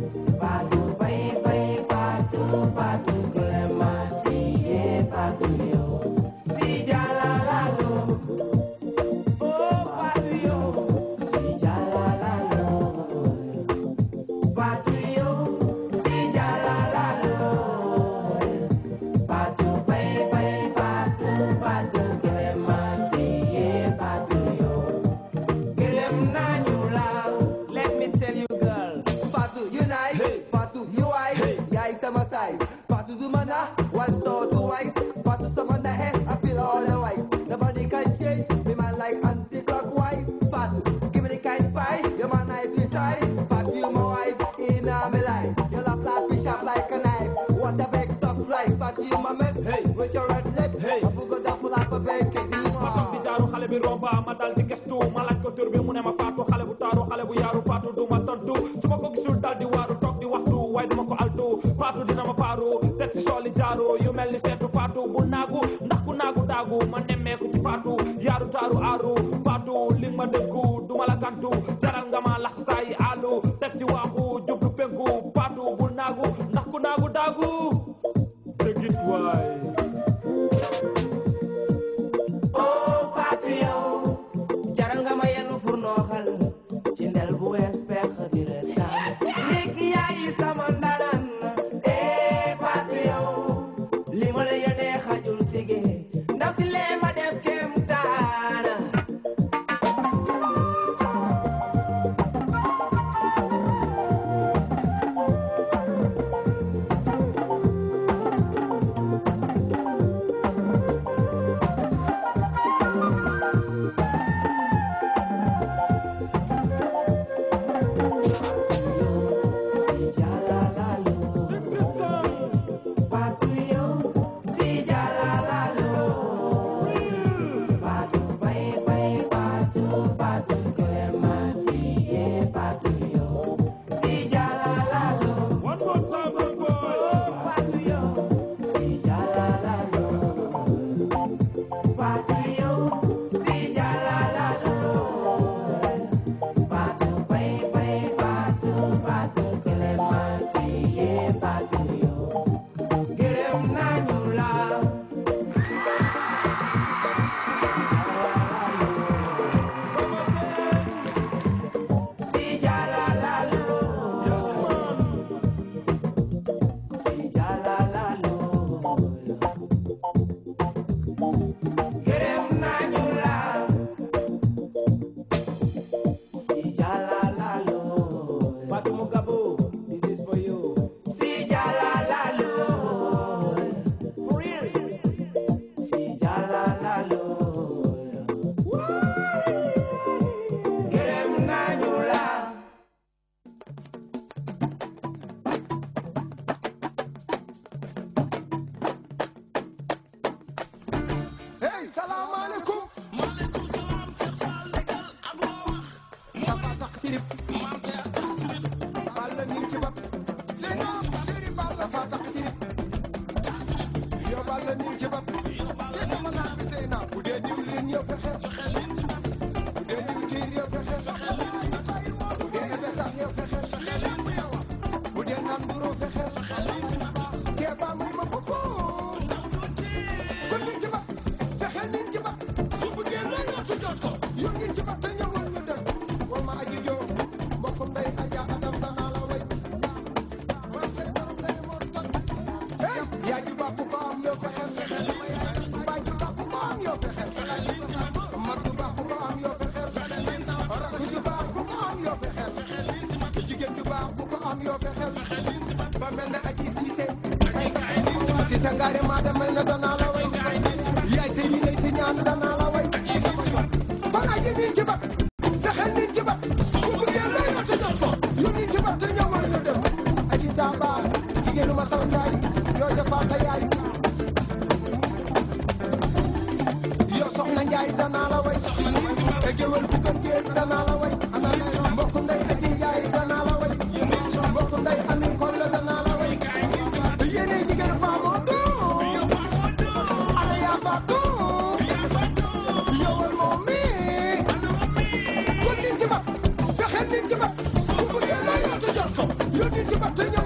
together. jur bi mu ne ma faatu xale bu taaru xale bu yaaru faatu du ma tontu su ma ko gisul dal di waaru toog di waxtu waaye dama ko altu faatu dina ma faaru teg sooli jaaru yu mel ni seetu faatu bu naagu ndax ku naagu daagu ma nemmeeku ci faatu yaaru taaru aaru faatu li ma dëggu du ma la kantu jaral nga ma lax saay àllu teg si waaxu jublu penku faatu bu naagu ndax ku naagu daagu kirip bal na mi ngi ci bopp dafa tax kirip yo bal na mi ngi ci bopp yaay ju baax ku ko am yow fexeel fexeel baay ju baax ku ko am yow fexeel fexeel mag ju baax ku ko am yow fexeel fexeel rakk ju baax ku ko am yow fexeel fexeel jigéen ju baax ku ko am yow fexeel fexeel ba mel na aji siise si sa ngaare maa damay na danaa la way yaay tey ñu lay si ñaan danaa la You need to maintain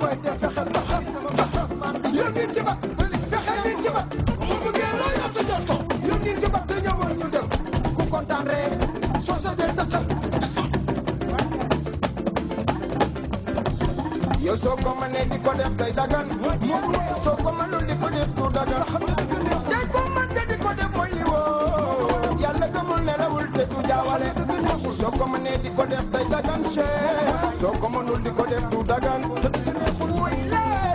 koy def fexeel ba xam ne ma ma xam man yéen nit ci bat fexeel nit ci bat bu bëggee loo yor sa jot ko yéen nit ci bat te ñëwoon ñu dem ku kontaan ree soo sojee sa xel yow soo ko mënee di ko def day dagan moom soo ko mënul di ko def du dagan te ko mën de di ko def mooy li woo yàlla gëmul ne rawul te du jaawale soo ko mënee di ko def day dagan chee soo ko mënul di ko def du dagan love.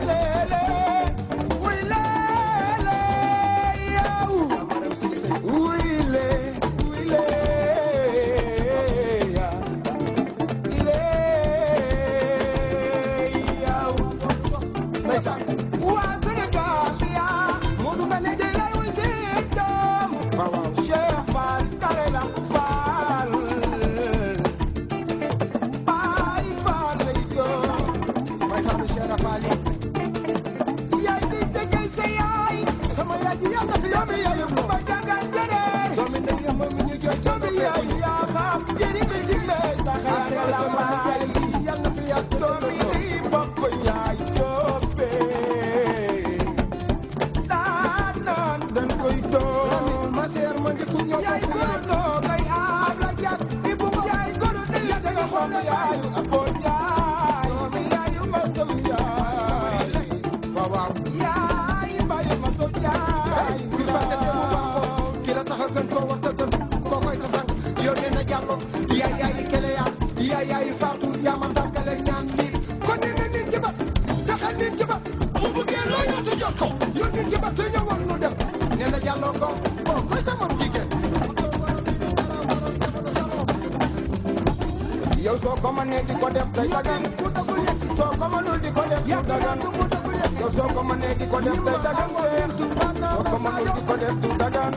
soo ko mënee di ko def day dagan soo ko mënul di ko def du dagan soo ko mënee di ko def day dagan soo ko mënul di ko def du dagan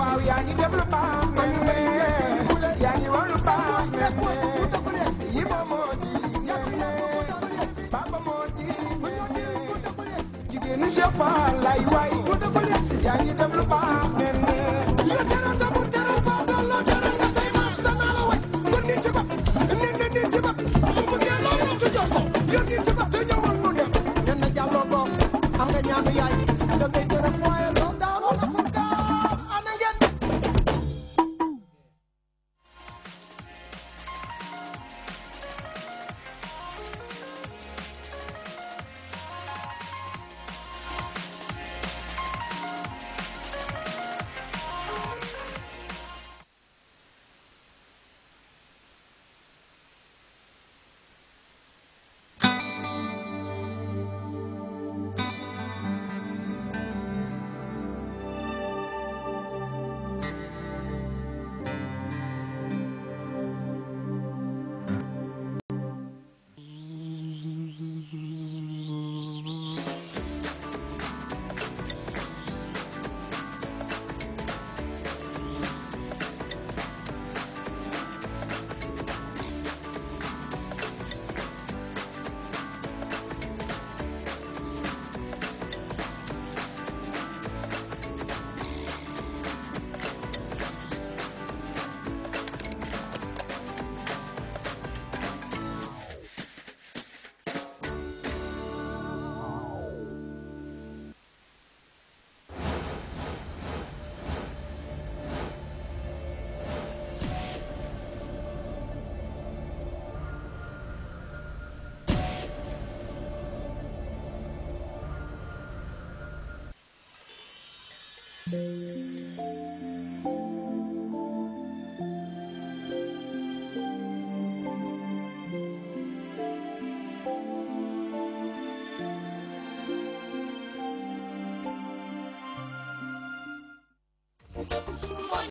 waaw yaa ngi def lu baax mais mais yaa ngi wax lu baax mais mais yi ma moo di mais papa moo di mais jigéenu Cheikh Fall lay waay yaa ngi def lu baax Miami, I'm Música